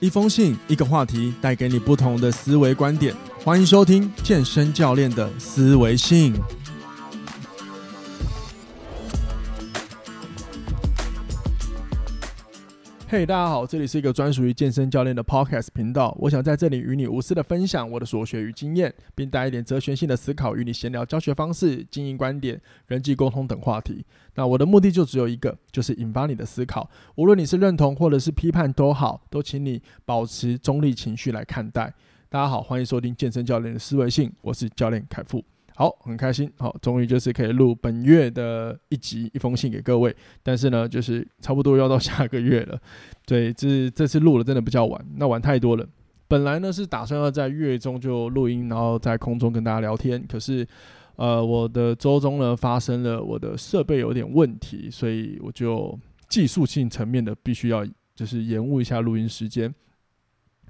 一封信，一個話題，帶給你不同的思維觀點。歡迎收聽健身教練的思維信。嘿、hey，大家好，這裡是一個專屬於健身教練的 podcast 頻道。我想在這裡與你無私的分享我的所學與經驗，並帶一點哲學性的思考與你閒聊教學方式、經營觀點、人際溝通等話題。那我的目的就只有一個，就是引發你的思考。無論你是認同或者是批判都好，都請你保持中立情緒來看待。大家好，歡迎收聽健身教練的思維信，我是教練凱富。好，很開心，好，終於就是可以錄本月的一集一封信給各位，但是呢，就是差不多要到下個月了，對，這、就是、這次錄了真的比較晚，那晚太多了。本來呢是打算要在月中就錄音，然後在空中跟大家聊天，可是，呃，我的週中呢發生了我的設備有點問題，所以我就技術性層面的必須要就是延誤一下錄音時間。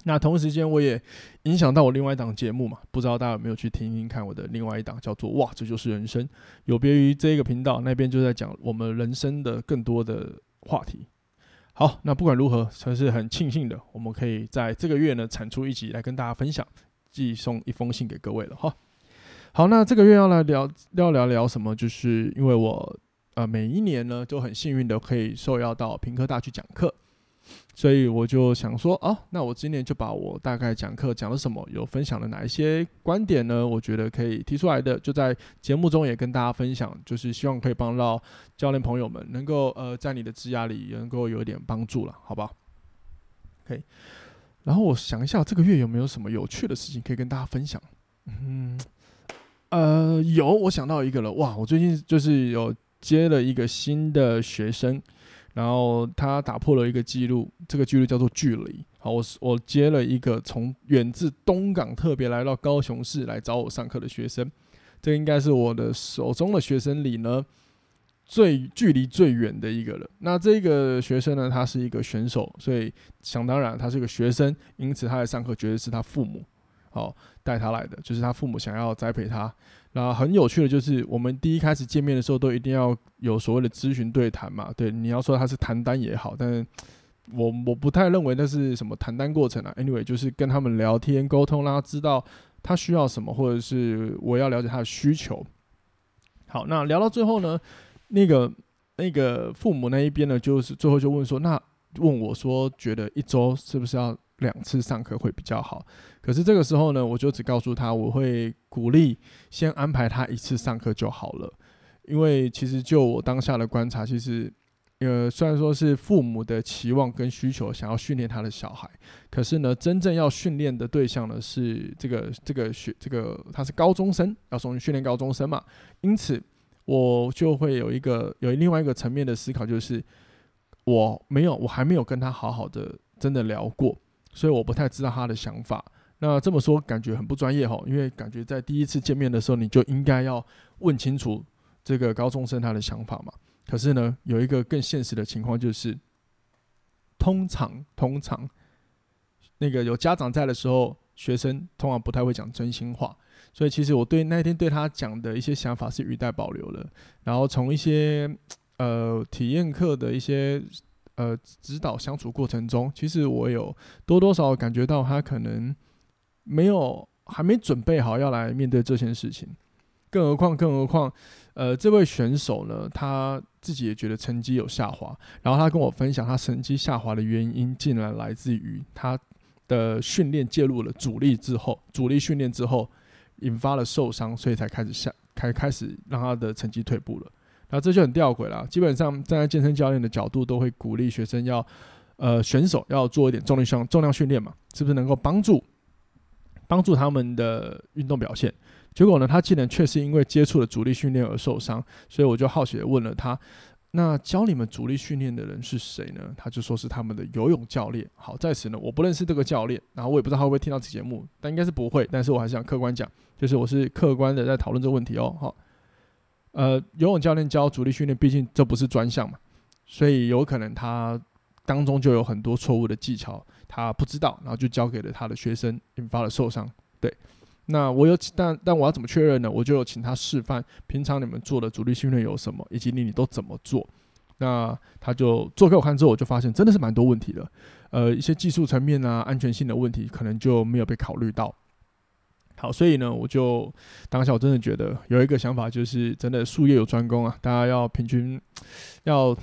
那同時間，我也影響到我另外一檔節目嘛，不知道大家有沒有去聽聽看我的另外一檔，叫做“哇，這就是人生”。有別於這個頻道那邊，就在講我們人生的更多的話題。好，那不管如何，算是很慶幸的，我們可以在這個月呢產出一集來跟大家分享，寄送一封信給各位了哈。好，那這個月要來聊，要聊聊什麼？就是因為我呃每一年呢就很幸運的可以受邀到屏科大去講課。所以我就想說，哦，那我今年就把我大概講課講了什麼，有分享了哪一些觀點呢？我覺得可以提出來的，就在節目中也跟大家分享，就是希望可以幫到教練朋友們能，能夠呃，在你的職涯裡也能夠有一點幫助了，好不好？OK，然後我想一下，這個月有沒有什麼有趣的事情可以跟大家分享？嗯，呃，有，我想到一個了，哇，我最近就是有接了一個新的學生。然後他打破了一個記錄，這個記錄叫做距離。好，我是我接了一個從遠自東港特別來到高雄市來找我上課的學生，這應該是我的手中的學生裡呢，最距離最遠的一個了。那這個學生呢，他是一個選手，所以想當然他是個學生，因此他來上課絕對是他父母好帶他來的，就是他父母想要栽培他。然後很有趣的就是，我們第一開始見面的時候，都一定要有所謂的諮詢對談嘛，對，你要說他是談單也好，但是我我不太認為那是什麼談單過程啊。Anyway，就是跟他們聊天溝通，讓他知道他需要什麼，或者是我要了解他的需求。好，那聊到最後呢，那個那個父母那一邊呢，就是最後就問說，那問我說，覺得一周是不是要？兩次上課會比較好，可是這個時候呢，我就只告訴他，我會鼓勵先安排他一次上課就好了。因為其實就我當下的觀察，其實呃，雖然說是父母的期望跟需求想要訓練他的小孩，可是呢，真正要訓練的對象呢是這個這個學這個他是高中生，要從訓練高中生嘛。因此，我就會有一個有另外一個層面的思考，就是我沒有我還沒有跟他好好的真的聊過。所以我不太知道他的想法。那這麼說感覺很不專業哦。因為感覺在第一次見面的時候，你就應該要問清楚這個高中生他的想法嘛。可是呢，有一個更現實的情況就是，通常通常那個有家長在的時候，學生通常不太會講真心話。所以其實我對那天對他講的一些想法是語帶保留的。然後從一些呃體驗課的一些。呃，指導相處過程中，其實我有多多少少感覺到他可能沒有還沒準備好要來面對這件事情。更何況，更何況，呃，這位選手呢，他自己也覺得成績有下滑。然後他跟我分享，他成績下滑的原因竟然來自於他的訓練介入了阻力之後，阻力訓練之後引發了受傷，所以才開始下才開始讓他的成績退步了。那、啊、這就很吊詭了。基本上站在健身教練的角度，都會鼓勵學生要，呃，選手要做一點重力重量訓練嘛，是不是能夠幫助幫助他們的運動表現？結果呢，他竟然卻是因為接觸了阻力訓練而受傷，所以我就好奇的問了他，那教你們阻力訓練的人是誰呢？他就說是他們的游泳教練。好，在此呢，我不認識這個教練，然後我也不知道他會不會聽到此節目，但應該是不會。但是我還是想客觀講，就是我是客觀的在討論這個問題哦，好、哦。呃，游泳教練教阻力訓練，畢竟這不是專項嘛，所以有可能他當中就有很多錯誤的技巧，他不知道，然後就教給了他的學生，引發了受傷。對，那我有，但但我要怎麼確認呢？我就請他示範，平常你們做的阻力訓練有什麼，以及你你都怎麼做？那他就做給我看之後，我就發現真的是蠻多問題的，呃，一些技術層面啊、安全性的問題，可能就沒有被考慮到。好，所以呢，我就當下我真的覺得有一個想法，就是真的術業有專攻啊，大家要平均，要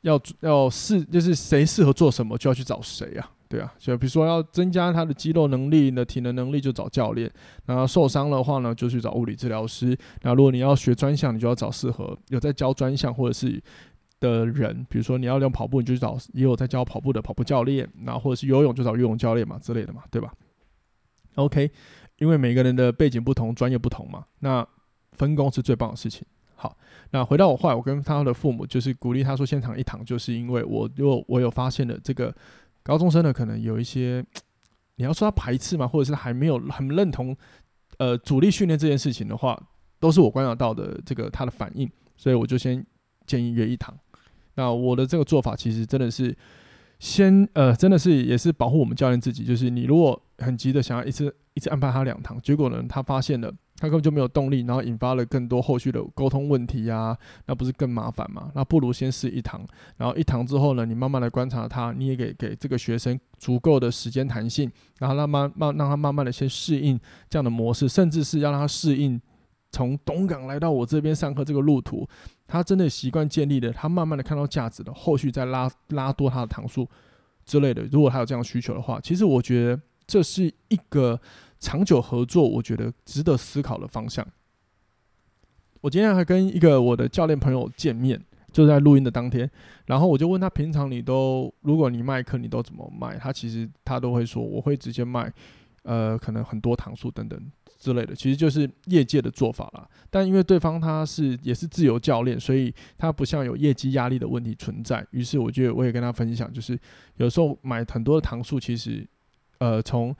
要要適，就是誰適合做什麼就要去找誰啊，對啊，就比如說要增加他的肌肉能力、的體能能力，就找教練；然後受傷的話呢，就去找物理治療師；然後如果你要學專項，你就要找適合有在教專項或者是的人，比如說你要練跑步，你就去找也有在教跑步的跑步教練；然後或者是游泳，就找游泳教練嘛之類的嘛，對吧？OK。因為每個人的背景不同，專業不同嘛，那分工是最棒的事情。好，那回到我話，我跟他的父母就是鼓勵他說，先上一堂，就是因為我如我，我有發現了這個高中生呢，可能有一些你要說他排斥嘛，或者是還沒有很認同呃主力訓練這件事情的話，都是我觀察到的這個他的反應，所以我就先建議約一堂。那我的這個做法其實真的是先呃，真的是也是保護我們教練自己，就是你如果很急的想要一次。一直安排他兩堂，結果呢，他發現了他根本就沒有動力，然後引發了更多後續的溝通問題呀、啊，那不是更麻煩嗎？那不如先試一堂，然後一堂之後呢，你慢慢來觀察他，你也給給這個學生足夠的時間彈性，然後讓慢慢讓他慢慢的先適應這樣的模式，甚至是要讓他適應從東港來到我這邊上課這個路途，他真的習慣建立了，他慢慢的看到價值的，後續再拉拉多他的堂數之類的，如果他有這樣需求的話，其實我覺得。這是一個長久合作，我覺得值得思考的方向。我今天還跟一個我的教練朋友見面，就在錄音的當天，然後我就問他，平常你都，如果你賣課，你都怎麼賣？他其實他都會說，我會直接賣，呃，可能很多堂數等等之類的，其實就是業界的做法啦。但因為對方他是也是自由教練，所以他不像有業績壓力的問題存在。於是我覺得我也跟他分享，就是有時候買很多的堂數，其實。呃，從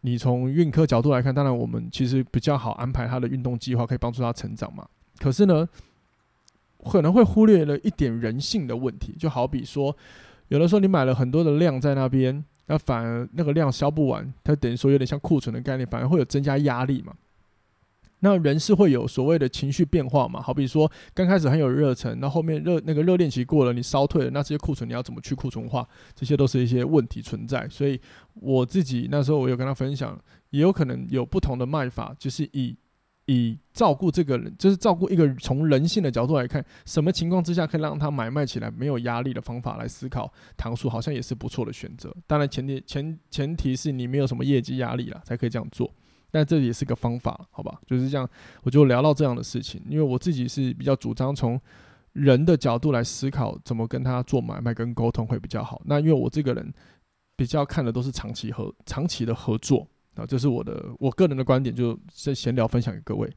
你從運科角度來看，當然我們其實比較好安排他的運動計劃，可以幫助他成長嘛。可是呢，可能會忽略了一點人性的問題，就好比說，有的時候你買了很多的量在那邊，那反而那個量消不完，它等於說有點像庫存的概念，反而會有增加壓力嘛。那人是會有所謂的情緒變化嘛？好比說，剛開始很有熱忱，那後，後面熱那個熱戀期過了，你燒退了，那這些庫存你要怎麼去庫存化？這些都是一些問題存在。所以我自己那時候我有跟他分享，也有可能有不同的賣法，就是以以照顧這個人，就是照顧一個從人性的角度來看，什麼情況之下可以讓他買賣起來沒有壓力的方法來思考。糖叔好像也是不錯的選擇。當然前提前前提是你沒有什麼業績壓力了，才可以這樣做。但這也是個方法，好吧？就是這樣，我就聊到這樣的事情。因為我自己是比較主張從人的角度來思考，怎麼跟他做買賣跟溝通會比較好。那因為我這個人比較看的都是長期和長期的合作啊，這是我的我個人的觀點，就先閒聊分享給各位。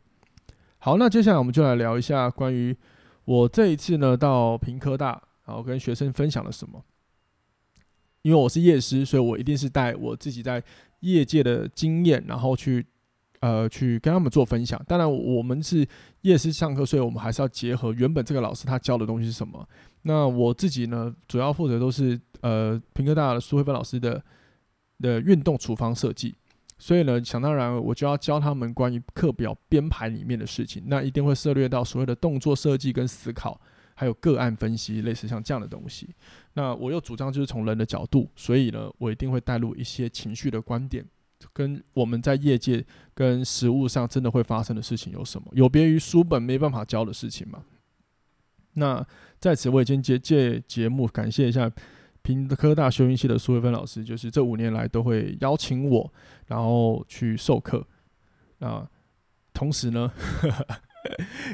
好，那接下來我們就來聊一下關於我這一次呢到屏科大，然後跟學生分享了什麼？因為我是業師，所以我一定是帶我自己在。業界的經驗，然後去，呃，去跟他們做分享。當然，我們是業師上課，所以我們還是要結合原本這個老師他教的東西是什麼。那我自己呢，主要負責都是呃屏科大的蘇慧芬老師的的運動處方設計，所以呢，想當然我就要教他們關於課表編排裡面的事情，那一定會涉獵到所有的動作設計跟思考。還有個案分析，類似像這樣的東西。那我又主張就是從人的角度，所以呢，我一定會帶入一些情緒的觀點，跟我們在業界跟實務上真的會發生的事情，有什麼有別於書本沒辦法教的事情嗎？那在此我已經借借節目感謝一下屏科大休運系的蘇菲芬老師，就是這五年來都會邀請我，然後去授課啊，同時呢呵呵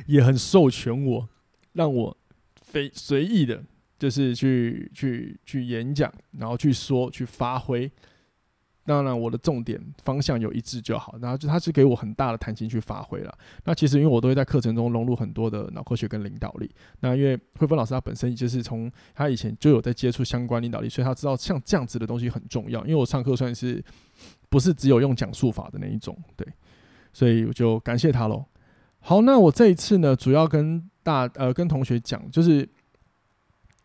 也很授權我讓我。隨隨意的，就是去去去演講，然後去說去發揮。當然，我的重點方向有一致就好。然後就他是給我很大的彈性去發揮了。那其實因為我都會在課程中融入很多的腦科學跟領導力。那因為慧芬老師他本身就是從他以前就有在接觸相關領導力，所以他知道像這樣子的東西很重要。因為我上課算是不是只有用講述法的那一種，對，所以我就感謝他嘍。好，那我這一次呢，主要跟。大呃，跟同學講，就是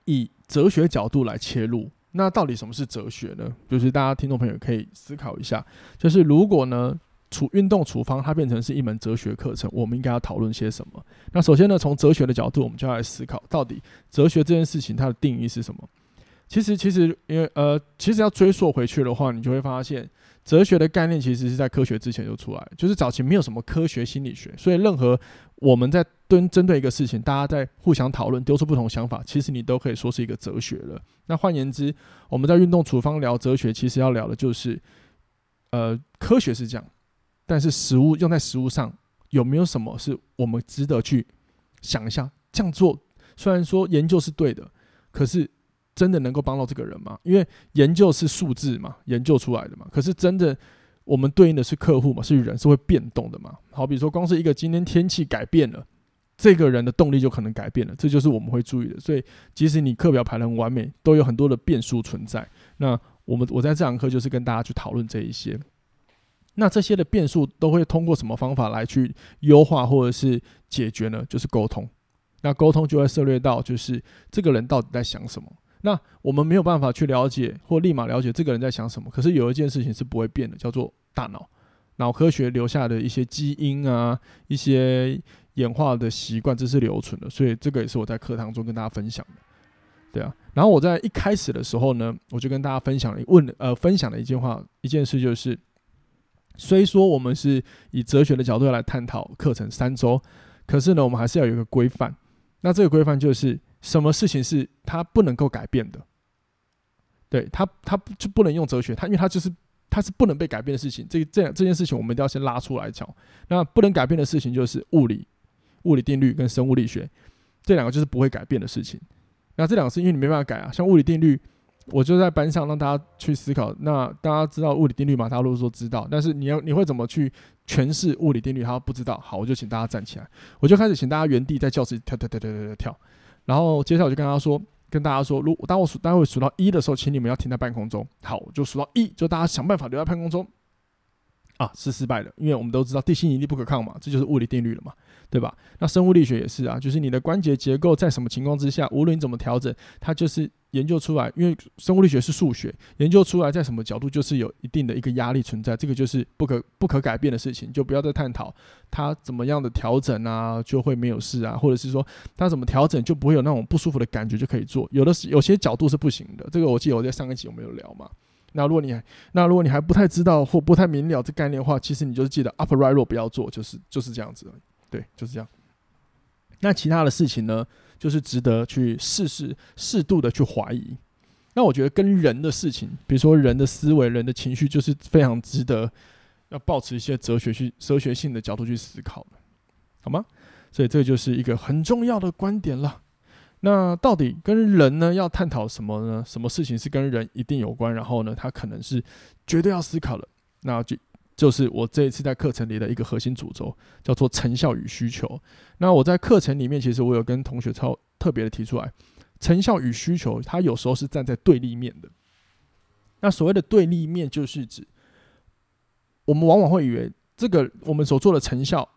以哲學角度來切入。那到底什麼是哲學呢？就是大家聽眾朋友可以思考一下。就是如果呢，處運動處方它變成是一門哲學課程，我們應該要討論些什麼？那首先呢，從哲學的角度，我們就要來思考，到底哲學這件事情它的定義是什麼？其實，其實，因為呃，其實要追溯回去的話，你就會發現，哲學的概念其實是在科學之前就出來，就是早期沒有什麼科學心理學，所以任何。我們在蹲針對一個事情，大家在互相討論，丟出不同想法，其實你都可以說是一個哲學了。那換言之，我們在運動處方聊哲學，其實要聊的就是，呃，科學是這樣，但是實務用在實務上有沒有什麼是我們值得去想一下？這樣做雖然說研究是對的，可是真的能夠幫到這個人嗎？因為研究是數字嘛，研究出來的嘛，可是真的。我們對應的是客戶嘛，是人，是會變動的嘛。好比說光是一個今天天氣改變了，這個人的動力就可能改變了，這就是我們會注意的。所以，即使你課表排得很完美，都有很多的變數存在。那我們我在這堂課就是跟大家去討論這一些。那這些的變數都會通過什麼方法來去優化或者是解決呢？就是溝通。那溝通就會涉獵到，就是這個人到底在想什麼。那我們沒有辦法去了解或立馬了解這個人在想什麼，可是有一件事情是不會變的，叫做大腦。腦科學留下的一些基因啊，一些演化的習慣，這是留存的，所以這個也是我在課堂中跟大家分享的，對啊。然後我在一開始的時候呢，我就跟大家分享了問呃，分享了一件話一件事，就是雖說我們是以哲學的角度來探討課程三週，可是呢，我們還是要有一個規範。那這個規範就是。什麼事情是他不能夠改變的對對他，他就不能用哲學，他因為它就是他是不能被改變的事情。這這樣這件事情，我們都要先拉出來講。那不能改變的事情就是物理、物理定律跟生物力學，這兩個就是不會改變的事情。那這兩個是因為你沒辦法改啊。像物理定律，我就在班上讓大家去思考。那大家知道物理定律嗎？大家如果說知道，但是你要你會怎麼去詮釋物理定律？他不知道。好，我就請大家站起來，我就開始請大家原地在教室跳跳跳跳跳跳。跳跳跳然後接下來我就跟大家說，跟大家說，如當我數，待會數到一的時候，請你們要停在半空中。好，我就數到一，就大家想辦法留在半空中。啊，是失敗的，因為我們都知道地心引力不可抗嘛，這就是物理定律了嘛，對吧？那生物力學也是啊，就是你的關節結構在什麼情況之下，無論你怎麼調整，它就是研究出來，因為生物力學是數學研究出來，在什麼角度就是有一定的一個壓力存在，這個就是不可不可改變的事情，就不要再探討它怎麼樣的調整啊，就會沒有事啊，或者是說它怎麼調整就不會有那種不舒服的感覺就可以做，有的有些角度是不行的，這個我記得我在上一集有沒有聊嘛？那如果你還那如果你還不太知道或不太明了這概念的話，其實你就是記得 upright row 不要做，就是就是這樣子，對，就是這樣。那其他的事情呢，就是值得去試試，適度的去懷疑。那我覺得跟人的事情，比如說人的思維、人的情緒，就是非常值得要保持一些哲學去哲學性的角度去思考的，好嗎？所以這就是一個很重要的觀點了。那到底跟人呢要探討什麼呢？什麼事情是跟人一定有關？然後呢，他可能是絕對要思考的。那就就是我這一次在課程裡的一個核心主軸，叫做成效與需求。那我在課程裡面，其實我有跟同學超特別的提出來，成效與需求，它有時候是站在對立面的。那所謂的對立面，就是指我們往往會以為這個我們所做的成效。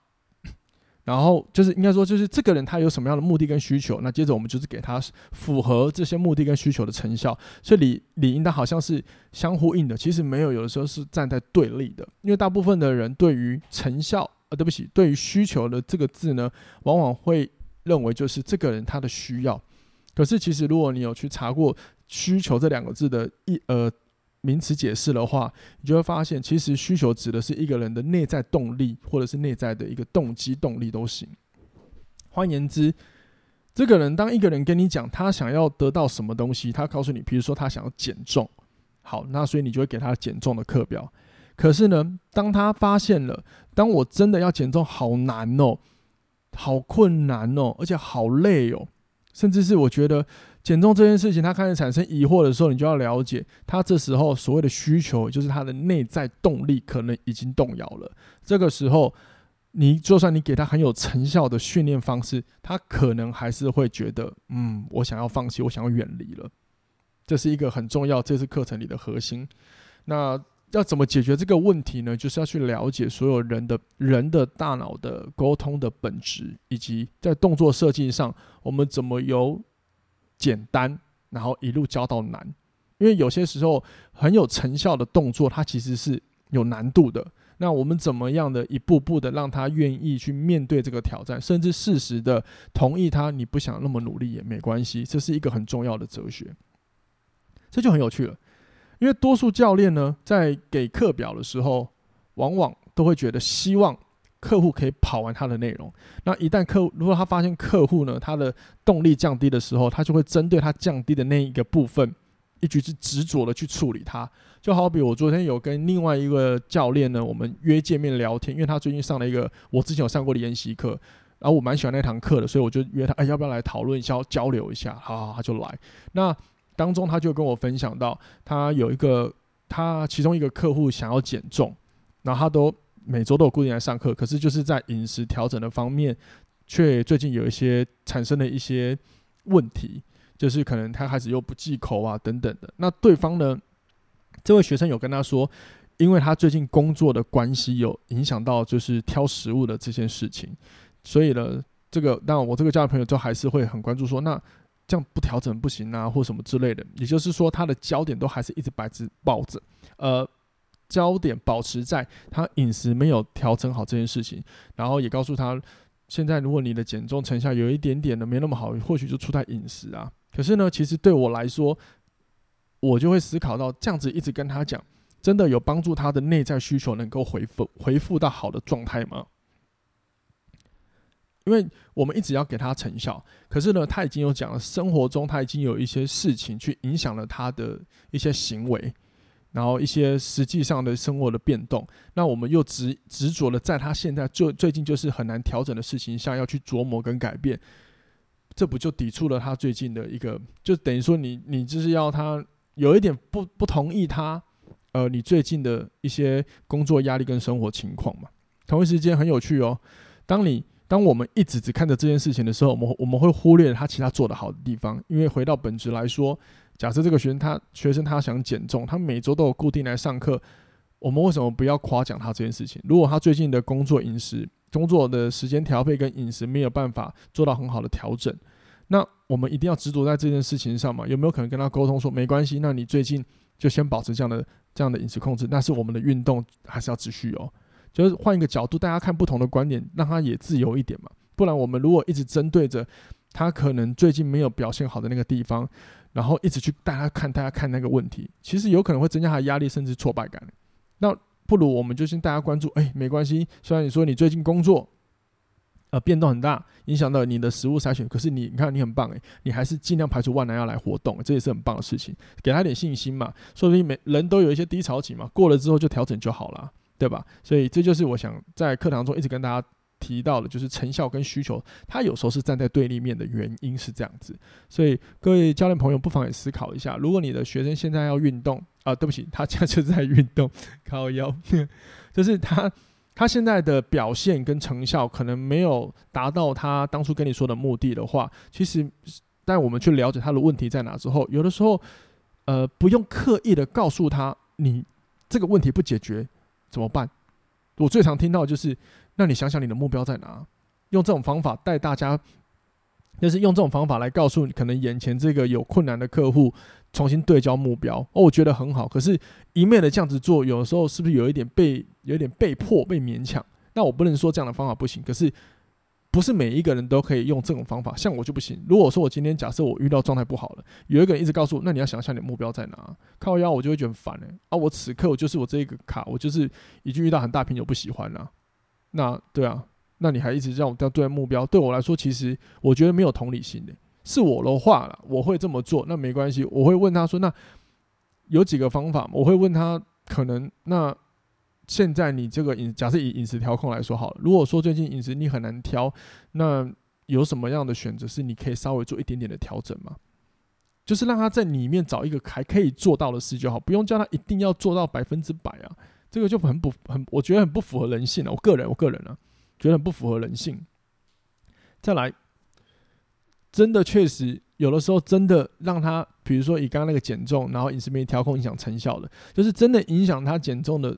然後就是應該說，就是這個人他有什麼樣的目的跟需求，那接着我們就是給他符合這些目的跟需求的成效，所以理理應當好像是相呼應的。其實沒有，有的時候是站在對立的，因為大部分的人對於成效，呃，對不起，對於需求的這個字呢，往往會認為就是這個人他的需要。可是其實如果你有去查過需求這兩個字的一呃。名詞解釋的話，你就會發現，其實需求指的是一個人的內在動力，或者是內在的一個動機動力都行。換言之，這個人當一個人跟你講他想要得到什麼東西，他告訴你，比如說他想要減重，好，那所以你就會給他減重的課表。可是呢，當他發現了，當我真的要減重，好難哦，好困難哦，而且好累哦，甚至是我覺得，減重這件事情，他開始產生疑惑的時候，你就要了解，他這時候所謂的需求，就是他的內在動力可能已經動搖了。這個時候，你就算你給他很有成效的訓練方式，他可能還是會覺得，嗯，我想要放棄，我想要遠離了。這是一個很重要，這次課程裡的核心。那要怎麼解決這個問題呢？就是要去了解所有人的人的大腦的溝通的本質，以及在動作設計上，我們怎麼由。簡單，然後一路教到難，因為有些時候很有成效的動作，它其實是有難度的。那我們怎麼樣的一步步的讓他願意去面對這個挑戰，甚至適時的同意他，你不想那麼努力也沒關係，這是一個很重要的哲學。這就很有趣了，因為多數教練呢，在給課表的時候，往往都會覺得希望，客戶可以跑完他的內容，那一旦客戶如果他發現客戶呢他的動力降低的時候，他就會針對他降低的那一個部分，一直去執着的去處理他。就好比我昨天有跟另外一個教練呢，我們約見面聊天，因為他最近上了一個我之前有上過的研習課，然後我蠻喜歡那堂課的，所以我就約他，哎、欸，要不要來討論一下交流一下？好,好好，他就來。那當中他就跟我分享到，他有一個他其中一個客戶想要減重，然後他都。每週都有固定來上課，可是就是在飲食調整的方面，卻最近有一些產生了一些問題，就是可能他開始又不忌口啊等等的。那對方呢，這位學生有跟他說，因為他最近工作的關係有影響到，就是挑食物的這件事情，所以呢，這個當然我這個家的朋友就還是會很關注說，說那這樣不調整不行啊，或什麼之類的。也就是說，他的焦點都還是一直擺、直抱着，呃。焦點保持在他飲食沒有調整好這件事情，然後也告訴他，現在如果你的減重成效有一點點的沒那麼好，或許就出在飲食啊。可是呢，其實對我來說，我就會思考到，這樣子一直跟他講，真的有幫助他的內在需求能夠回復回復到好的狀態嗎？因為我們一直要給他成效，可是呢，他已經有講了，生活中他已經有一些事情去影響了他的一些行為。然後一些實際上的生活的變動，那我們又執執着的在他現在就最近就是很難調整的事情下要去琢磨跟改變，這不就抵觸了他最近的一個，就等於說你你就是要他有一點不不同意他，呃，你最近的一些工作壓力跟生活情況嘛。同一時間很有趣哦，當你當我們一直只看着這件事情的時候，我們我們會忽略他其他做得好的地方，因為回到本質來說。假設這個學生他學生他想減重，他每周都有固定來上課。我們為什麼不要誇獎他這件事情？如果他最近的工作飲食、工作的時間調配跟飲食沒有辦法做到很好的調整，那我們一定要執着在這件事情上嘛？有沒有可能跟他溝通說，沒關係。那你最近就先保持這樣的這樣的飲食控制，但是我們的運動還是要持續哦、喔。就是換一個角度，大家看不同的觀點，讓他也自由一點嘛。不然我們如果一直針對着他可能最近沒有表現好的那個地方。然後一直去帶他看，帶他看那個問題，其實有可能會增加他的壓力，甚至挫敗感。那不如我們就先帶他關注，哎、欸，沒關係。雖然你說你最近工作，呃，變動很大，影響到你的食物篩選，可是你，你看你很棒，哎，你還是盡量排除萬難要來活動，這也是很棒的事情。給他點信心嘛，說不定每人都有一些低潮期嘛，過了之後就調整就好了、啊，對吧？所以這就是我想在課堂中一直跟大家。提到的就是成效跟需求，他有時候是站在對立面的原因是這樣子，所以各位教練朋友不妨也思考一下，如果你的學生現在要運動啊、呃，對不起，他現在就在運動，靠腰，呵呵，就是他他現在的表現跟成效可能沒有達到他當初跟你說的目的的話，其實但我們去了解他的問題在哪之後，有的時候呃不用刻意的告訴他你這個問題不解決怎麼辦，我最常聽到就是。那你想想你的目標在哪？用這種方法帶大家，就是用這種方法來告訴你，可能眼前這個有困難的客戶重新對焦目標。哦，我覺得很好。可是，一昧的這樣子做，有的時候是不是有一點被有一點被迫被勉強？那我不能說這樣的方法不行，可是不是每一個人都可以用這種方法。像我就不行。如果說我今天假設我遇到狀態不好了，有一個人一直告訴我，那你要想想你的目標在哪？靠腰，我就會覺得很煩哎、欸。啊，我此刻我就是我這一個卡，我就是已經遇到很大瓶友不喜歡了。那對啊，那你還一直這樣要對目標，對我來說，其實我覺得沒有同理心的。是我的話了，我會這麼做，那沒關係，我會問他說，那有幾個方法？我會問他，可能那現在你這個飲，假設以飲食調控來說好了，如果說最近飲食你很難調，那有什麼樣的選擇是你可以稍微做一點點的調整嗎？就是讓他在裡面找一個還可以做到的事就好，不用叫他一定要做到百分之百啊。這個就很不很，我覺得很不符合人性了，啊。我個人，我個人呢、啊，覺得很不符合人性。再來，真的確實有的時候真的讓他，比如說以剛剛那個減重，然後飲食沒調控影響成效的，就是真的影響他減重的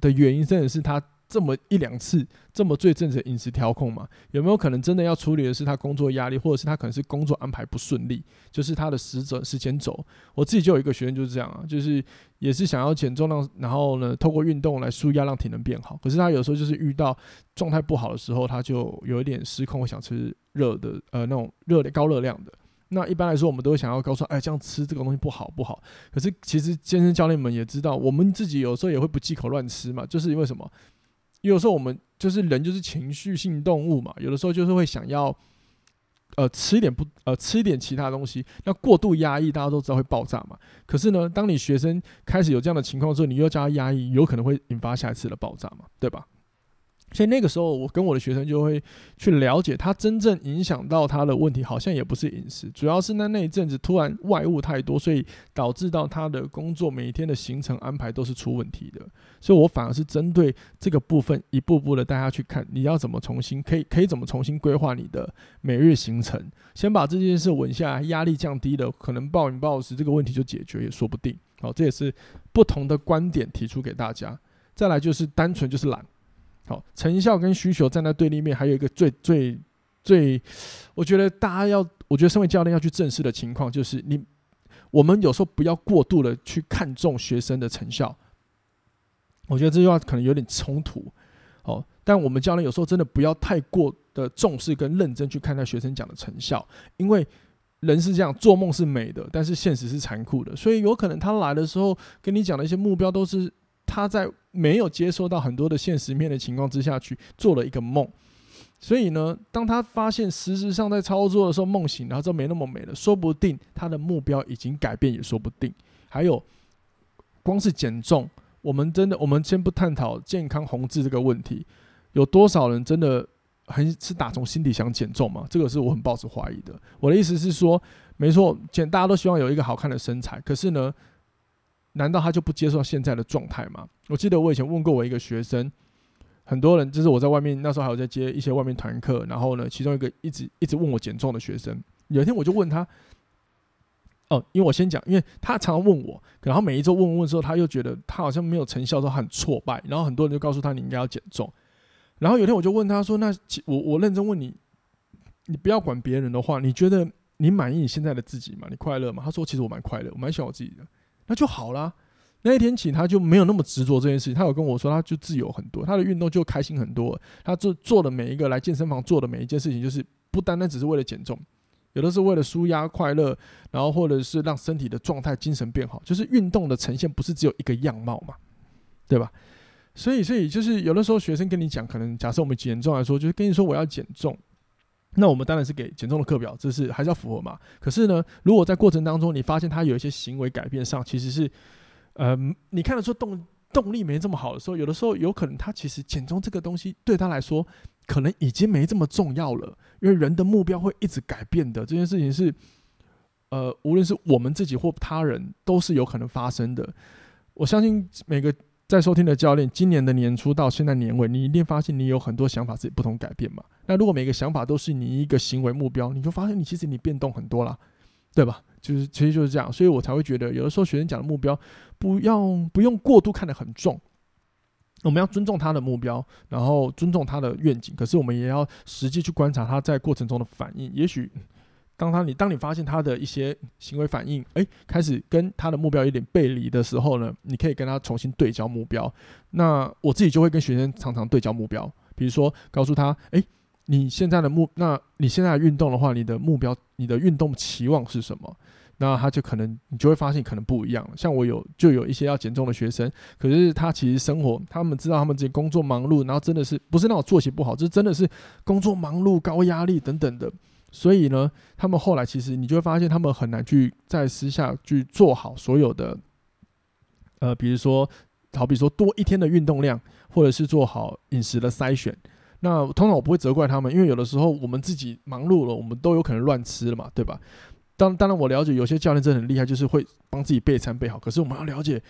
的原因，真的是他。這麼一兩次，這麼最正常的飲食調控嘛，有沒有可能真的要處理的是他工作壓力，或者是他可能是工作安排不順利，就是他的時整時間走。我自己就有一個學員就是這樣啊，就是也是想要減重量，然後呢，透過運動來舒壓，讓體能變好。可是他有時候就是遇到狀態不好的時候，他就有一點失控，想吃熱的，呃，那種熱的高熱量的。那一般來說，我們都會想要告訴，哎，這樣吃這個東西不好，不好。可是其實健身教練們也知道，我們自己有時候也會不忌口亂吃嘛，就是因為什麼？有時候我們就是人，就是情緒性動物嘛。有的時候就是會想要，呃，吃一點不，呃，吃一點其他東西。那過度壓抑，大家都知道會爆炸嘛。可是呢，當你學生開始有這樣的情況之後，你又叫他壓抑，有可能會引發下一次的爆炸嘛，對吧？所以那個時候，我跟我的學生就會去了解他真正影響到他的問題，好像也不是飲食，主要是那那一陣子突然外務，太多，所以導致到他的工作每一天的行程安排都是出問題的。所以我反而是針對這個部分，一步步的帶他去看，你要怎麼重新，可以可以怎麼重新規劃你的每日行程，先把這件事穩下來，壓力降低了，可能暴飲暴食這個問題就解決也說不定。好，這也是不同的觀點提出給大家。再來就是單純就是懶。好，成效跟需求站在對立面，還有一個最最最，我覺得大家要，我覺得身為教練要去正視的情況，就是你我們有時候不要過度的去看重學生的成效。我覺得這句話可能有點衝突，哦，但我們教練有時候真的不要太過的重視跟認真去看待學生講的成效，因為人是這樣做夢是美的，但是現實是殘酷的，所以有可能他來的時候跟你講的一些目標都是。他在沒有接受到很多的現實面的情況之下去做了一個夢，所以呢，當他發現實質上在操作的時候夢醒，然後就沒那麼美了。說不定他的目標已經改變，也說不定。還有，光是減重，我們真的，我們先不探討健康紅字這個問題，有多少人真的是很是打從心底想減重嗎？這個是我很抱持懷疑的。我的意思是說，沒錯，減大家都希望有一個好看的身材，可是呢？難道他就不接受到現在的狀態嗎？我記得我以前問過我一個學生，很多人就是我在外面那時候還有在接一些外面團課，然後呢，其中一個一直一直問我減重的學生，有一天我就問他，哦，因為我先講，因為他常常問我，然後每一周問，問的時候，問之後他又覺得他好像沒有成效，都很挫敗，然後很多人就告訴他你應該要減重，然後有天我就問他說，說那我我認真問你，你不要管別人的話，你覺得你滿意你現在的自己嗎？你快樂嗎？他說其實我蠻快樂，我蠻喜歡我自己的。那就好啦，那一天起他就沒有那麼執着這件事情。他有跟我說，他就自由很多，他的運動就開心很多。他做做的每一個來健身房做的每一件事情，就是不單單只是為了減重，有的是為了舒壓快樂，然後或者是讓身體的狀態、精神變好。就是運動的呈現不是只有一個樣貌嘛，對吧？所以，所以就是有的時候學生跟你講，可能假設我們減重來說，就是跟你說我要減重。那我們當然是給減重的課表，這是還是要符合嘛。可是呢，如果在過程當中你發現他有一些行為改變上，其實是，呃，你看得出動動力沒這麼好的時候，有的時候有可能他其實減重這個東西對他來說可能已經沒這麼重要了。因為人的目標會一直改變的，這件事情是，呃，無論是我們自己或他人都是有可能發生的。我相信每個在收聽的教練，今年的年初到現在年尾，你一定發現你有很多想法是不同改變嘛。那如果每一個想法都是你一個行為目標，你就發現你其實你變動很多了，對吧？就是其實就是這樣，所以我才會覺得有的時候學生講的目標，不要不用過度看得很重。我們要尊重他的目標，然後尊重他的願景。可是我們也要實際去觀察他在過程中的反應。也許當他你當你發現他的一些行為反應，誒、欸、開始跟他的目標有點背離的時候呢，你可以跟他重新對焦目標。那我自己就會跟學生常常對焦目標，比如說告訴他，誒、欸。你現在的目，那你現在運動的話，你的目標，你的運動期望是什麼？那他就可能你就會發現可能不一樣。像我有就有一些要減重的學生，可是他其實生活，他們知道他們自己工作忙碌，然後真的是不是那種作息不好，就真的是工作忙碌、高壓力等等的。所以呢，他們後來其實你就會發現，他們很難去在私下去做好所有的，呃，比如說好比說多一天的運動量，或者是做好飲食的篩選。那通常我不會責怪他們，因為有的時候我們自己忙碌了，我們都有可能亂吃了嘛，對吧？當，當然，我了解，有些教練真的很厲害，就是會幫自己備餐備好。可是我們要了解，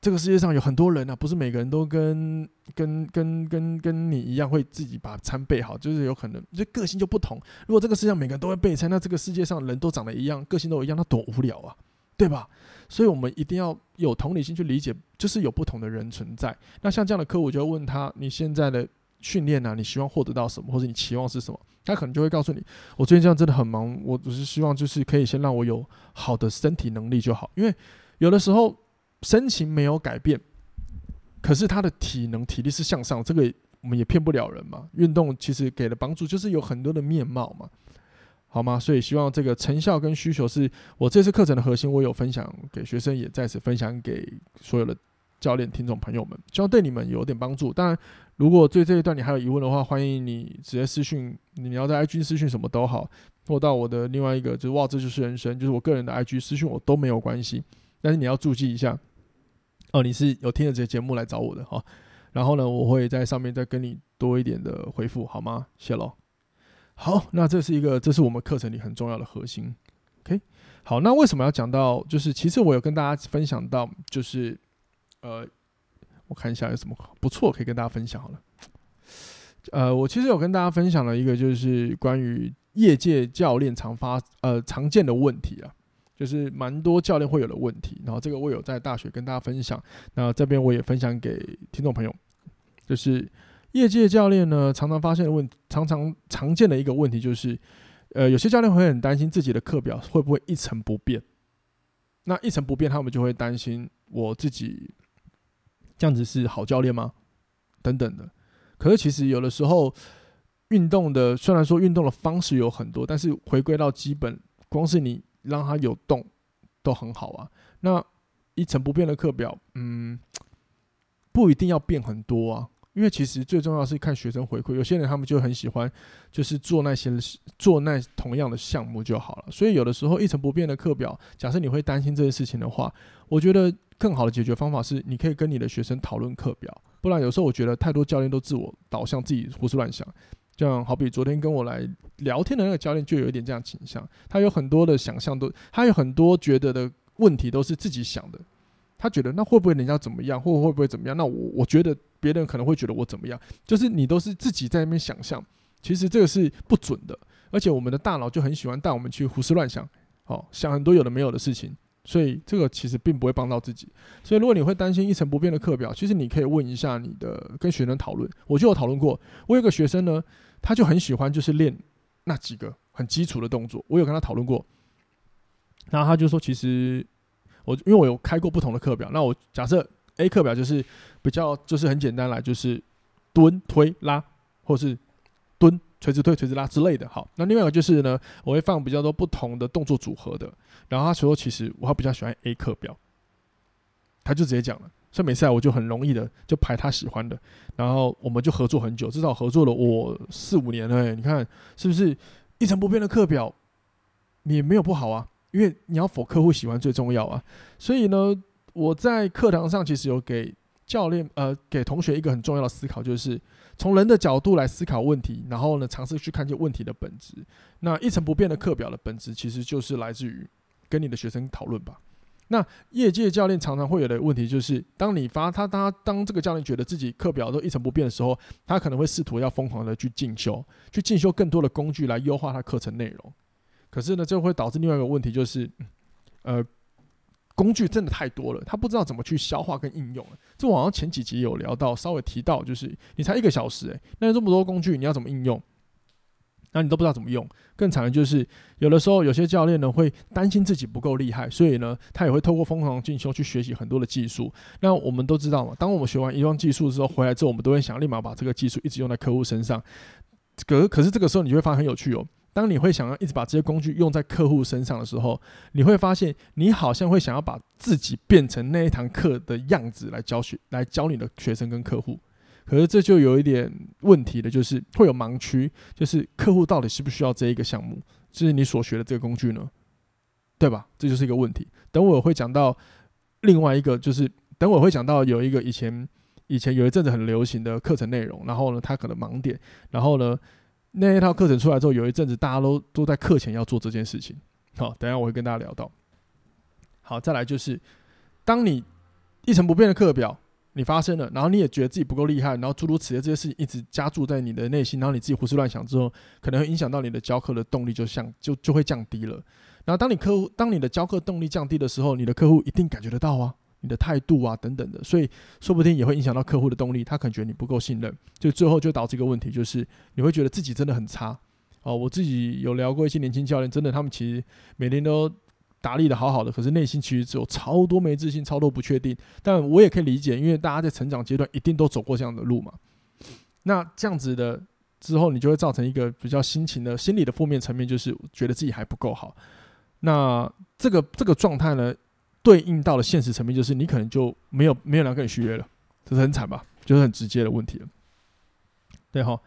這個世界上有很多人呢、啊，不是每個人都跟跟跟跟跟你一樣會自己把餐備好，就是有可能這個性就不同。如果這個世界上每個人都會備餐，那這個世界上人都長得一樣，個性都一樣，那多無聊啊，對吧？所以我們一定要有同理心去理解，就是有不同的人存在。那像這樣的客戶，我就問他：你現在的訓練啊，你希望獲得到什麼，或者你期望是什麼？他可能就會告訴你，我最近這樣真的很忙，我只是希望就是可以先讓我有好的身體能力就好。因為有的時候身形沒有改變，可是他的體能體力是向上，這個我們也騙不了人嘛。運動其實給的幫助就是有很多的面貌嘛，好嗎？所以希望這個成效跟需求是我這次課程的核心，我有分享給學生，也再次分享給所有的。教練，聽眾朋友們，希望對你們有點幫助。當然，如果對這一段你還有疑問的話，歡迎你直接私訊，你要在 IG 私訊什麼都好，或到我的另外一個，就是哇，這就是人生，就是我個人的 IG 私訊我都沒有關係。但是你要注記一下，哦，你是有聽了這些節目來找我的哈、哦。然後呢，我會在上面再跟你多一點的回復，好嗎？謝嘍。好，那這是一個，這是我們課程裡很重要的核心。OK，好，那為什麼要講到？就是其實我有跟大家分享到，就是。呃，我看一下有什麼不錯可以跟大家分享好了。呃，我其實有跟大家分享了一個，就是關於業界教練常發呃常見的問題啊，就是蠻多教練會有的問題。然後這個我有在大學跟大家分享，那這邊我也分享給聽眾朋友，就是業界教練呢常常發現的問，常常常見的一個問題就是，呃，有些教練會很擔心自己的課表會不會一成不變，那一成不變，他們就會擔心我自己。這樣子是好教練嗎？等等的，可是其實有的時候，運動的雖然說運動的方式有很多，但是回歸到基本，光是你讓他有動，都很好啊。那一成不變的課表，嗯，不一定要變很多啊，因為其實最重要的是看學生回饋。有些人他們就很喜歡，就是做那些做那同樣的項目就好了。所以有的時候一成不變的課表，假設你會擔心這件事情的話，我覺得。更好的解決方法是，你可以跟你的學生討論課表。不然，有時候我覺得太多教練都自我導向，自己胡思亂想。這樣好比昨天跟我來聊天的那個教練，就有一點這樣傾向。他有很多的想象，都他有很多覺得的問題，都是自己想的。他覺得那會不會人家怎麼樣，或會，會不會怎麼樣？那我我覺得別人可能會覺得我怎麼樣，就是你都是自己在那邊想象，其實這個是不準的。而且我們的大腦就很喜歡帶我們去胡思亂想，好、哦、想很多有的沒有的事情。所以這個其實並不會幫到自己。所以如果你會擔心一成不變的課表，其實你可以問一下你的跟學生討論。我就有討論過，我有個學生呢，他就很喜歡就是練那幾個很基礎的動作。我有跟他討論過，然後他就說，其實我因為我有開過不同的課表，那我假設 A 課表就是比較就是很簡單啦，就是蹲推拉或是。垂直推、垂直拉之類的，好。那另外一個就是呢，我會放比較多不同的動作組合的。然後他說，其實我還比較喜歡 A 課表，他就直接講了。所以每次來我就很容易的就排他喜歡的，然後我們就合作很久，至少合作了我四五年了。你看是不是一成不變的課表，你也沒有不好啊，因為你要否客戶喜歡最重要啊。所以呢，我在課堂上其實有給。教練，呃，給同學一個很重要的思考就是，從人的角度來思考問題，然後呢，嘗試去看見問題的本質。那一成不變的課表的本質，其實就是來自於跟你的學生討論吧。那業界教練常常會有的問題就是，當你發他，他，他當這個教練覺得自己課表都一成不變的時候，他可能會試圖要瘋狂的去進修，去進修更多的工具來優化他課程內容。可是呢，這會導致另外一個問題就是，嗯、呃。工具真的太多了，他不知道怎麼去消化跟應用、啊。這我好像前幾集有聊到，稍微提到就是，你才一個小時誒、欸，那這麼多工具，你要怎麼應用？那你都不知道怎麼用。更慘的就是，有的時候有些教練呢會擔心自己不夠厲害，所以呢他也會透過瘋狂進修去學習很多的技術。那我們都知道嘛，當我們學完一段技術之後回來之後，我們都會想立馬把這個技術一直用在客戶身上。可是可是這個時候你就會發現很有趣哦。當你會想要一直把這些工具用在客戶身上的時候，你會發現你好像會想要把自己變成那一堂課的樣子來教學，來教你的學生跟客戶。可是這就有一點問題的，就是會有盲區，就是客戶到底需不需要這一個項目，就是你所學的這個工具呢？對吧？這就是一個問題。等我會講到另外一個，就是等我會講到有一個以前以前有一陣子很流行的課程內容，然後呢，它可能盲點，然後呢。那一套課程出來之後，有一陣子大家都都在課前要做這件事情。好、哦，等一下我會跟大家聊到。好，再來就是，當你一成不變的課表，你發生了，然後你也覺得自己不夠厲害，然後諸如此類這些事情一直加注在你的內心，然後你自己胡思亂想之後，可能會影響到你的教課的動力就，就像就就會降低了。然後當你客戶當你的教課動力降低的時候，你的客戶一定感覺得到啊。你的態度啊，等等的，所以說不定也會影響到客戶的動力，他可能覺得你不夠信任，就最後就導致一個問題，就是你會覺得自己真的很差哦。我自己有聊過一些年輕教練，真的，他們其實每天都打理得好好的，可是內心其實只有超多沒自信，超多不確定。但我也可以理解，因為大家在成長階段一定都走過這樣的路嘛。那這樣子的之後，你就會造成一個比較心情的心理的負面層面，就是覺得自己還不夠好。那這個這個狀態呢？對應到了現實層面，就是你可能就沒有沒有人跟你續約了，這是很慘吧？就是很直接的問題了。對哈，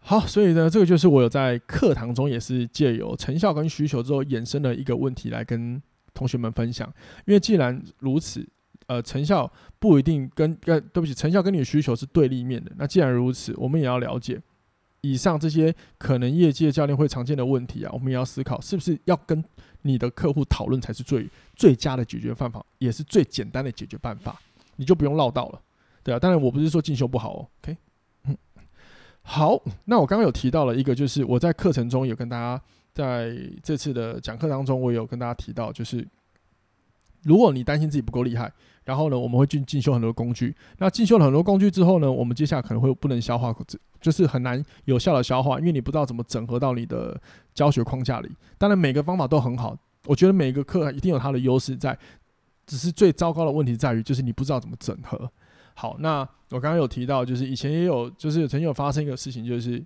好，所以呢，這個就是我有在課堂中也是借由成效跟需求之後衍生的一個問題來跟同學們分享。因為既然如此，呃，成效不一定跟跟，呃，對不起，成效跟你的需求是對立面的。那既然如此，我們也要了解以上這些可能業界教練會常見的問題啊，我們也要思考是不是要跟。你的客戶討論才是最最佳的解決辦法，也是最簡單的解決辦法，你就不用繞道了，對啊。當然，我不是說進修不好哦。OK，嗯，好，那我剛剛有提到了一個，就是我在課程中有跟大家，在這次的講課當中，我也有跟大家提到，就是如果你擔心自己不夠厲害。然後呢，我們會去進修很多工具。那進修了很多工具之後呢，我們接下來可能會不能消化，就是很難有效的消化，因為你不知道怎麼整合到你的教學框架裡。當然，每個方法都很好，我覺得每個課一定有它的優勢在，只是最糟糕的問題在於，就是你不知道怎麼整合。好，那我剛剛有提到，就是以前也有，就是曾經有發生一個事情，就是。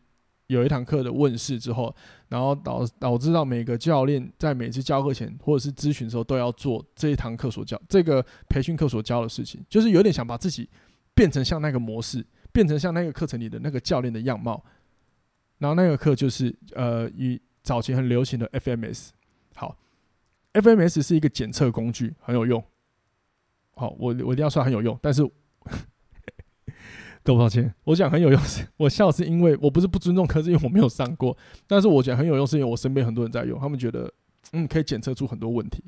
有一堂課的問世之後，然後導導致到每個教練在每次教課前或者是諮詢的時候都要做這一堂課所教這個培訓課所教的事情，就是有點想把自己變成像那個模式，變成像那個課程裡的那個教練的樣貌。然後那個課就是呃，以早期很流行的 FMS 好。好，FMS 是一個檢測工具，很有用。好，我我一定要說很有用，但是。抱歉，我講很有用，我笑是因為我不是不尊重科技，可是因為我沒有上過。但是我講很有用，是因為我身邊很多人在用，他們覺得嗯可以檢測出很多問題。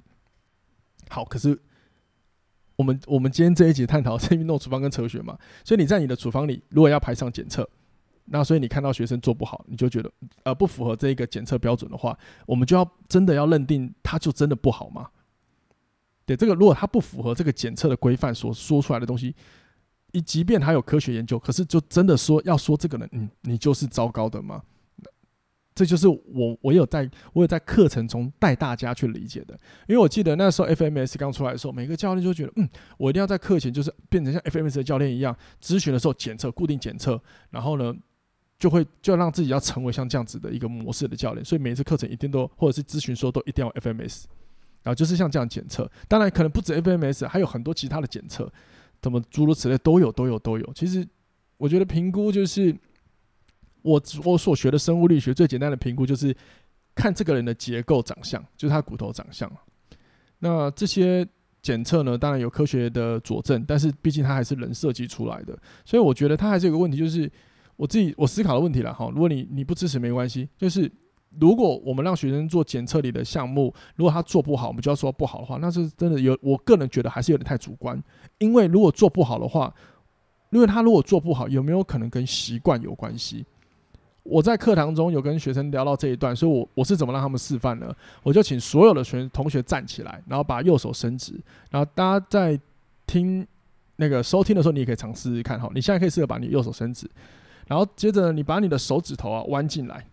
好，可是我們我們今天這一集探討是運動處方跟哲學嘛，所以你在你的處方裡如果要排上檢測，那所以你看到學生做不好，你就覺得呃不符合這一個檢測標準的話，我們就要真的要認定他就真的不好嗎？對，這個如果他不符合這個檢測的規範所說出來的東西。你即便他有科學研究，可是就真的說要說這個人，你、嗯、你就是糟糕的嗎？這就是我我有在我有在課程中帶大家去理解的。因為我記得那時候 FMS 剛出來的時候，每個教練就覺得，嗯，我一定要在課前就是變成像 FMS 的教練一樣，諮詢的時候檢測固定檢測，然後呢就會就讓自己要成為像這樣子的一個模式的教練。所以每次課程一定都或者是諮詢說都一定要 FMS，然後就是像這樣檢測。當然可能不止 FMS，還有很多其他的檢測。怎麼，諸如此類都有，都有，都有。其實，我覺得評估就是我我所學的生物力學最簡單的評估就是看這個人的結構長相，就是他骨頭長相。那這些檢測呢，當然有科學的佐證，但是畢竟它還是人設計出來的，所以我覺得它還是有一個問題。就是我自己我思考的問題了哈。如果你你不支持沒關係，就是。如果我們讓學生做檢測裡的項目，如果他做不好，我們就要說不好的話，那是真的有。我個人覺得還是有點太主觀，因為如果做不好的話，因為他如果做不好，有沒有可能跟習慣有關係？我在課堂中有跟學生聊到這一段，所以我我是怎麼讓他們示範呢？我就請所有的學同學站起來，然後把右手伸直，然後大家在聽那個收聽的時候，你也可以嘗試試看哈。你現在可以試着把你右手伸直，然後接着你把你的手指頭啊彎進來。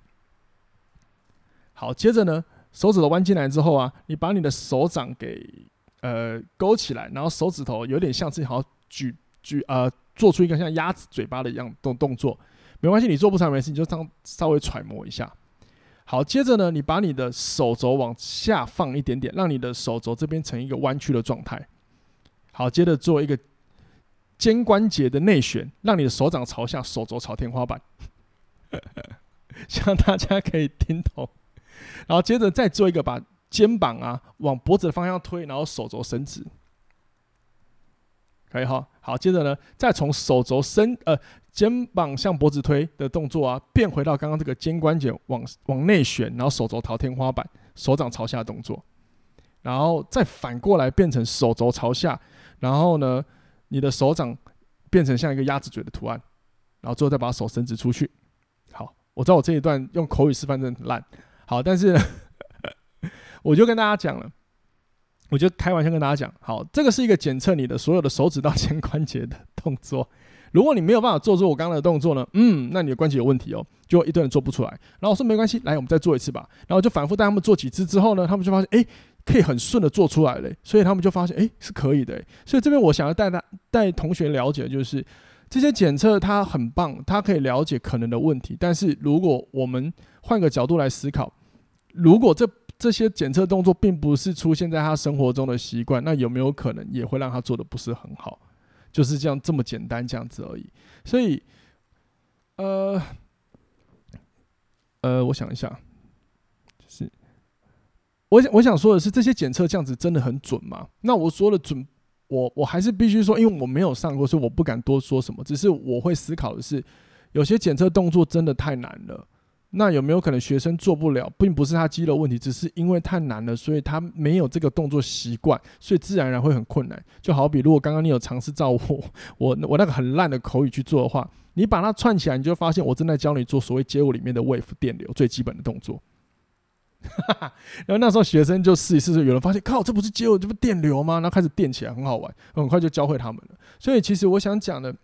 好，接着呢，手指頭彎進來之後啊，你把你的手掌給呃勾起來，然後手指頭有點像自己好像舉舉呃，做出一個像鴨子嘴巴的一樣動動作，沒關係，你做不出來沒事，你就這樣稍微揣摩一下。好，接着呢，你把你的手肘往下放一點點，讓你的手肘這邊成一個彎曲的狀態。好，接着做一個肩關節的內旋，讓你的手掌朝下，手肘朝天花板，希 望大家可以聽懂。然後接着再做一個，把肩膀啊往脖子的方向推，然後手肘伸直，可以哈。好，接着呢，再從手肘伸呃肩膀向脖子推的動作啊，變回到剛剛這個肩關節往往內旋，然後手肘朝天花板，手掌朝下的動作。然後再反過來變成手肘朝下，然後呢，你的手掌變成像一個鴨子嘴的圖案，然後最後再把手伸直出去。好，我知道我這一段用口語示範真的很爛。好，但是呢，我就跟大家講了，我就開玩笑跟大家講，好，這個是一個檢測你的所有的手指到肩關節的動作。如果你沒有辦法做出我剛剛的動作呢，嗯，那你的關節有問題哦、喔，就一頓做不出來。然後我說沒關係，來，我們再做一次吧。然後就反覆帶他們做幾次之後呢，他們就發現，哎、欸，可以很順的做出來了、欸。所以他們就發現，哎、欸，是可以的、欸。所以這邊我想要帶他帶同學了解，就是這些檢測它很棒，它可以了解可能的問題。但是如果我們換個角度來思考。如果這這些檢測動作並不是出現在他生活中的習慣，那有沒有可能也會讓他做的不是很好？就是這樣這麼簡單這樣子而已。所以，呃，呃，我想一下，是，我想我想說的是，這些檢測這樣子真的很準嗎？那我說的準，我我還是必須說，因為我沒有上過，所以我不敢多說什麼。只是我會思考的是，有些檢測動作真的太難了。那有沒有可能學生做不了，並不是他肌肉問題，只是因為太難了，所以他沒有這個動作習慣，所以自然而然會很困難。就好比如果剛剛你有嘗試照我我我那個很爛的口語去做的話，你把它串起來，你就發現我正在教你做所謂街舞裡面的 wave 電流最基本的動作。 然後那時候學生就試一試，有人發現靠，這不是街舞，這不是電流嗎？然後開始電起來，很好玩，很快就教會他們了。所以其實我想講的。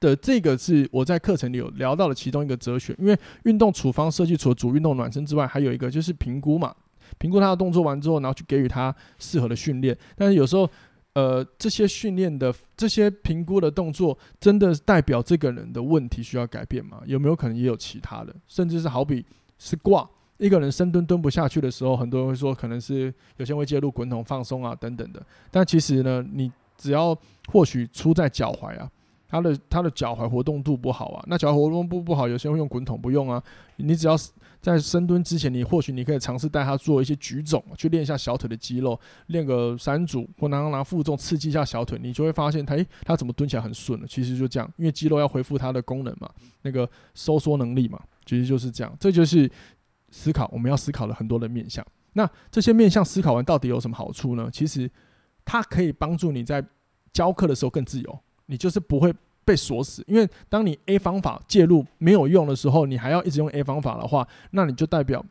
的這個是我在課程裡有聊到的其中一個哲學，因為運動處方設計除了主運動暖身、之外，還有一個就是評估嘛，評估他的動作完之後，然後去給予他適合的訓練。但是有時候，呃，這些訓練的這些評估的動作，真的代表這個人的問題需要改變嗎？有沒有可能也有其他的，甚至是好比是掛一個人深蹲蹲不下去的時候，很多人會說可能是有些人會介入滾筒放鬆啊等等的，但其實呢，你只要或許出在腳踝啊。他的他的腳踝活動度不好啊，那腳踝活動度不好，有些人會用滾筒不用啊。你只要在深蹲之前，你或許你可以嘗試帶他做一些舉重，去練一下小腿的肌肉，練個三組，或拿拿負重刺激一下小腿，你就會發現他，誒、欸，他怎麼蹲起來很順呢？其實就這樣，因為肌肉要恢復它的功能嘛，那個收縮能力嘛，其實就是這樣。這就是思考，我們要思考的很多的面向。那這些面向思考完到底有什麼好處呢？其實它可以幫助你在教課的時候更自由。你就是不會被鎖死，因為當你 A 方法介入沒有用的時候，你還要一直用 A 方法的話，那你就代表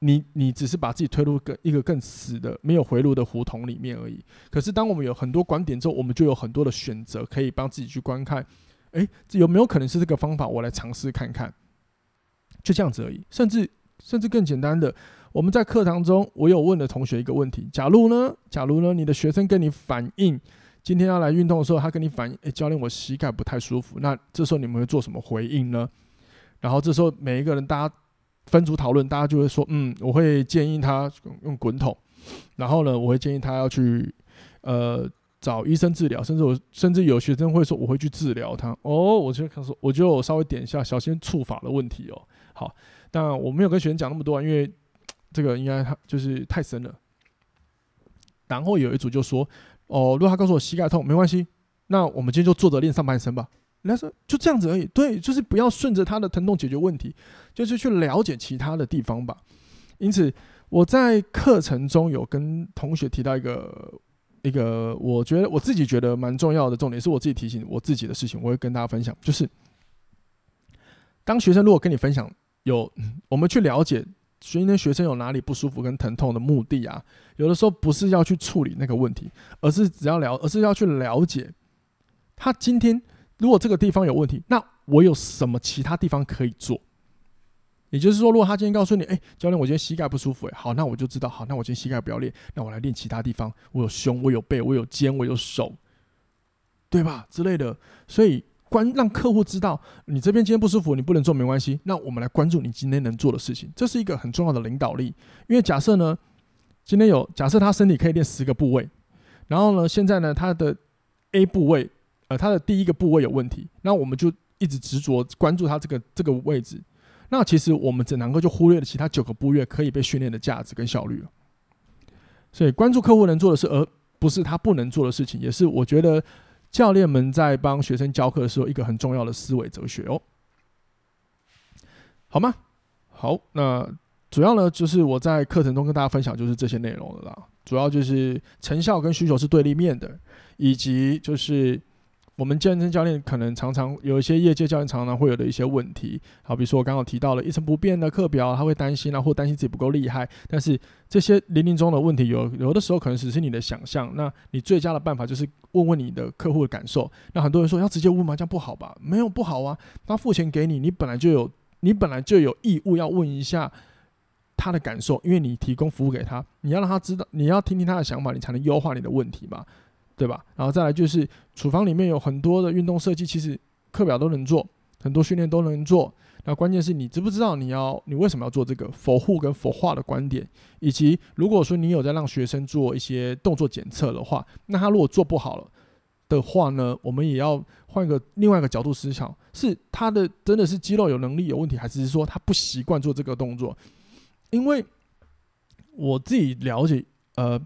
你你只是把自己推入一個更死的沒有回路的胡同裡面而已。可是，當我們有很多觀點之後，我們就有很多的選擇可以幫自己去觀看。哎、欸，有沒有可能是這個方法？我來嘗試看看，就這樣子而已。甚至甚至更簡單的，我們在課堂中，我有問了同學一個問題：假如呢？假如呢？你的學生跟你反映。今天要來運動的時候，他跟你反映，誒、欸，教練，我膝蓋不太舒服。那這時候你們會做什麼回應呢？然後這時候每一個人，大家分組討論，大家就會說，嗯，我會建議他用滾筒。然後呢，我會建議他要去呃找醫生治療，甚至我甚至有學生會說，我會去治療他。哦，我就看說，我我稍微點一下，小心觸法的問題哦。好，但我沒有跟學生講那麼多啊，因為這個應該他就是太深了。然後有一組就說：“哦，如果他告訴我膝蓋痛，沒關係。那我們今天就坐着練上半身吧。”人家說：“就這樣子而已。”對，就是不要順着他的疼痛解決問題，就是去了解其他的地方吧。因此，我在課程中有跟同學提到一個一個，我覺得我自己覺得蠻重要的重點，是我自己提醒我自己的事情，我會跟大家分享。就是當學生如果跟你分享有，我們去了解。所以，那學生有哪裡不舒服跟疼痛的目的啊？有的時候不是要去處理那個問題，而是只要了，而是要去了解他今天如果這個地方有問題，那我有什麼其他地方可以做？也就是說，如果他今天告訴你，誒、欸，教練，我今天膝蓋不舒服，欸，誒，好，那我就知道，好，那我今天膝蓋不要練，那我來練其他地方。我有胸，我有背，我有肩，我有手，對吧？之類的，所以。關讓客戶知道，你這邊今天不舒服，你不能做沒關係。那我們來關注你今天能做的事情，這是一個很重要的領導力。因為假設呢，今天有假設他身體可以練十個部位，然後呢，現在呢他的 A 部位，呃，他的第一個部位有問題，那我們就一直執着關注他這個這個位置。那其實我們只能夠就忽略了其他九個部位可以被訓練的價值跟效率了。所以關注客戶能做的事，而不是他不能做的事情，也是我覺得。教練們在幫學生教課的時候，一個很重要的思維哲學哦，好嗎？好，那主要呢就是我在課程中跟大家分享就是這些內容了啦。主要就是成效跟需求是對立面的，以及就是。我們健身教練可能常常有一些業界教練常常會有的一些問題，好，比如說我剛剛提到了一成不變的課表，他會擔心啊，或擔心自己不夠厲害。但是這些林林總總的問題，有，有的時候可能只是你的想象。那你最佳的辦法就是問問你的客戶的感受。那很多人說要直接問嗎？這樣不好吧？沒有不好啊。他付錢給你，你本來就有，你本來就有義務要問一下他的感受，因為你提供服務給他，你要讓他知道，你要聽聽他的想法，你才能優化你的問題吧。對吧？然後再來就是，處方裡面有很多的運動設計，其實課表都能做，很多訓練都能做。那關鍵是你知不知道你要，你為什麼要做這個？for who 跟 for what 的觀點，以及如果說你有在讓學生做一些動作檢測的話，那他如果做不好了的話呢，我們也要換一個另外一個角度思考：是他的真的是肌肉有能力有問題，還是說他不習慣做這個動作？因為我自己了解，呃，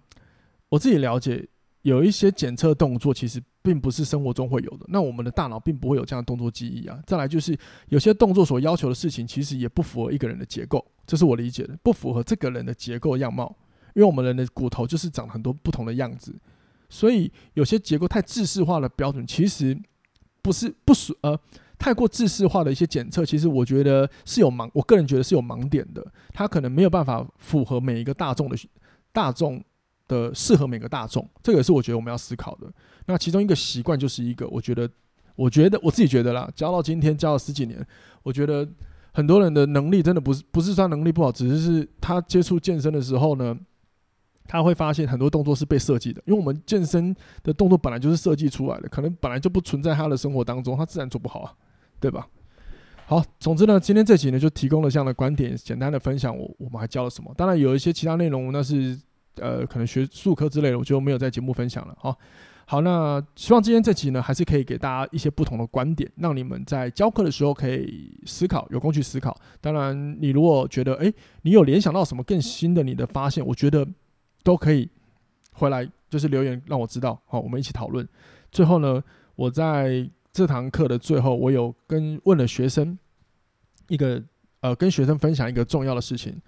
我自己了解。有一些檢測動作，其實並不是生活中會有的。那我們的大腦並不會有這樣的動作記憶啊。再來就是，有些動作所要求的事情，其實也不符合一個人的結構，這是我理解的，不符合這個人的結構樣貌。因為我們人的骨頭就是長很多不同的樣子，所以有些結構太制式化的標準，其實不是不屬呃太過制式化的一些檢測，其實我覺得是有盲，我個人覺得是有盲點的，它可能沒有辦法符合每一個大眾的大眾的適合每個大眾，這個也是我覺得我們要思考的。那其中一個習慣就是一個，我覺得，我覺得我自己覺得啦，教到今天教了十幾年，我覺得很多人的能力真的不是，不是他能力不好，只是是他接觸健身的時候呢，他會發現很多動作是被設計的，因為我們健身的動作本來就是設計出來的，可能本來就不存在他的生活當中，他自然做不好啊，對吧？好，總之呢，今天這集呢就提供了這樣的觀點，簡單的分享。我，我們還教了什麼？當然有一些其他內容，那是。呃，可能學術科之類的，我就沒有在節目分享了啊、哦。好，那希望今天這集呢，還是可以給大家一些不同的觀點，讓你們在教課的時候可以思考，有空去思考。當然，你如果覺得，哎、欸，你有聯想到什麼更新的你的發現，我覺得都可以回來，就是留言讓我知道。好、哦，我們一起討論。最後呢，我在這堂課的最後，我有跟問了學生一個，呃，跟學生分享一個重要的事情。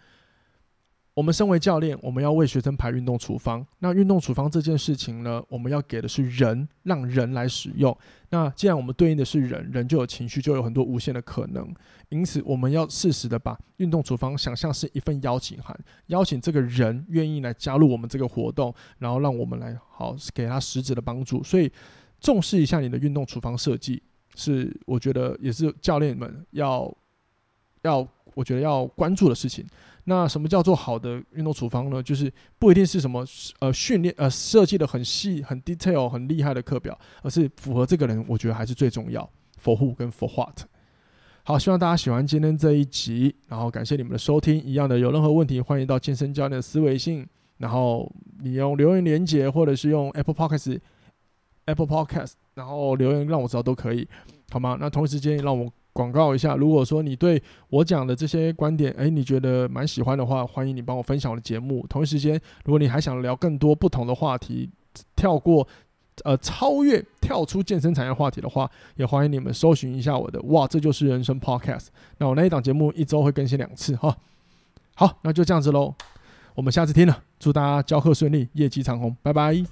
我們身為教練，我們要為學生排運動處方。那運動處方這件事情呢，我們要給的是人，讓人來使用。那既然我們對應的是人，人就有情緒，就有很多無限的可能。因此，我們要適時的把運動處方想象是一份邀請函，邀請這個人願意來加入我們這個活動，然後讓我們來好給他實質的幫助。所以，重視一下你的運動處方設計，是我覺得也是教練們要要我覺得要關注的事情。那什麼叫做好的運動處方呢？就是不一定是什麼呃訓練呃設計得很細、很 detail、很厲害的課表，而是符合這個人，我覺得還是最重要。For who 跟 For what。好，希望大家喜歡今天這一集，然後感謝你們的收聽。一樣的，有任何問題歡迎到健身教練思維信，然後你用留言連結或者是用 Apple Podcast，Apple Podcast，然後留言讓我知道都可以，好嗎？那同一時間讓我。廣告一下，如果說你對我講的這些觀點，誒，你覺得蠻喜歡的話，歡迎你幫我分享我的節目。同一時間，如果你還想聊更多不同的話題，跳過呃超越跳出健身產業話題的話，也歡迎你們搜尋一下我的，哇，這就是人生 Podcast。那我那一檔節目一周會更新兩次哈。好，那就這樣子嘍，我們下次見了，祝大家教課順利，業績長虹，拜拜。